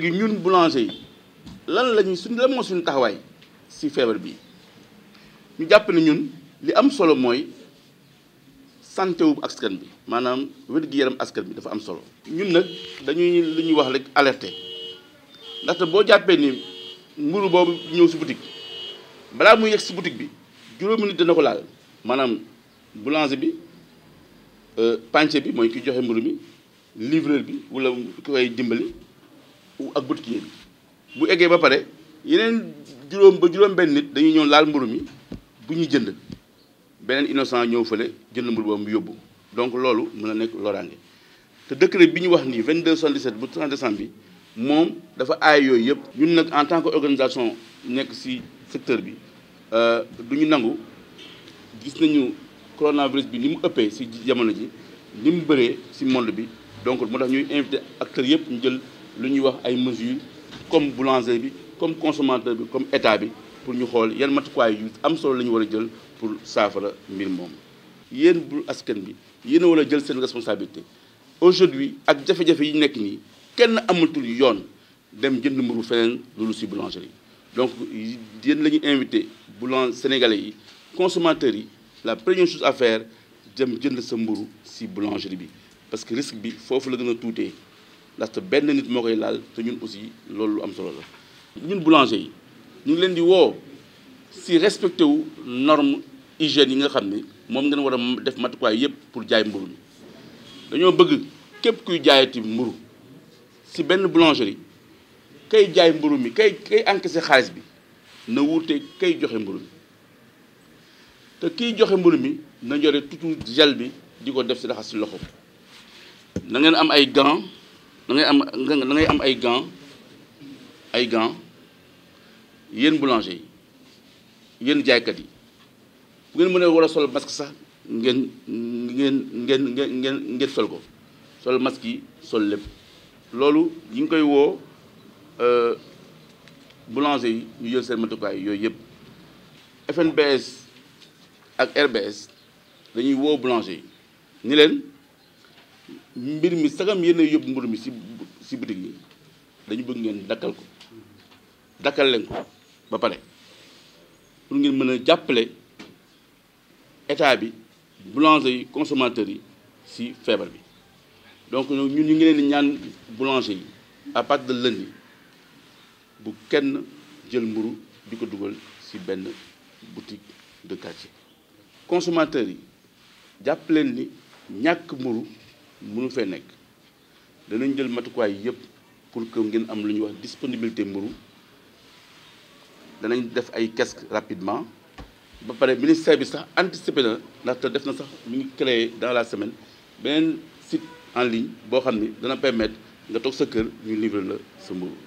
léegi ñun boulanger yi lan lañu suñ lan moo taxawaay si feebar bi ñu jàpp ne ñun li am solo mooy santé wu askan bi maanaam wér-gu-yaram askan bi dafa am solo ñun nag dañuy lu ñuy wax rek alerter ndaxte boo jàppee ni mburu boobu ñëw si boutique balaa muy yegg si boutique bi juróomi nit dana ko laal maanaam boulanger bi euh, panché bi mooy ki joxe mburu mi livreur bi wala koy dimbali ak boutiquier bi bu eggee ba pare yeneen juróom ba juróom-benn nit dañuy ñëw laal mburu mi bu ñu jënd beneen innocent ñëw fële jënd mburu boobu mu yóbbu donc loolu mun a nekk loraange te décret bi ñu wax nii 22 77 bu 30 décembre bi moom dafa aay yooyu yëpp ñun nag en tant que organisation nekk ci secteur bi euh, du ñu nangu gis nañu coronavirus bi ni mu ëppee ci jamono ji ni mu bëree ci monde bi donc moo tax ñuy invité acteurs yëpp ñu jël Nous wax mesures comme boulanger comme consommateur comme état pour ñu pour saafara mbir bu askan bi y a a jël une responsabilité aujourd'hui ak une responsabilité. yi nekk kenn yoon dem jënd mburu boulangerie donc nous avons invité boulanger sénégalais la première chose à faire d'un jënd sa mburu si boulangerie parce que risque faut que la a ndaxte benn nit moo koy laal te ñun aussi loolu lu am solo la. ñun boulanger yi ñu ngi leen di woo si respecté wu norme hygiène yi nga xam ne moom ngeen war a def matukaay yëpp pour jaay mburu mi dañoo bëgg képp kuy jaayati mburu si benn yi kay jaay mburu mi kay kay encaissé xaalis bi na wuute kay joxe mburu mi te kiy joxe mburu mi na jore tutu gel bi di ko def si raxas si loxo na ngeen am ay gants. da ngay am da ngay am ay gants ay gants yéen boulanger yi yéen jaaykat yi bu ngeen mënee war a sol masque sax ngeen ngeen ngeen ngeen ngeen sol ko sol masque yi sol lépp loolu yi ngi koy woo euh, boulanger yi ñu jël seen matukaay yooyu yëpp FNBS ak RBS dañuy woo boulanger yi ni leen mbir mi sagam yéen a yóbbu mburu mi si si bitig yi dañu bëgg ngeen dakkal ko dakkal leen ko ba pare pour ngeen mën a jàppale état bi boulanger yi consommateurs yi si feebar bi donc ñun ñu ngi leen di ñaan boulanger yi à partir de lundi bu kenn jël mburu di ko dugal si benn boutique de quartier consommateurs yi jàpp leen ni ñàkk mburu mu mënu fee nekk danañ jël matukaay yëpp pour que ngeen am lu ñuy wax disponibilité mburu danañ def ay casque rapidement ba pare ministère bi sax anticipé na ndaxte def na sax mu ngi créé dans la semaine beneen site en ligne boo xam ni dana permettre nga toog sa kër ñu livrer la sa mburu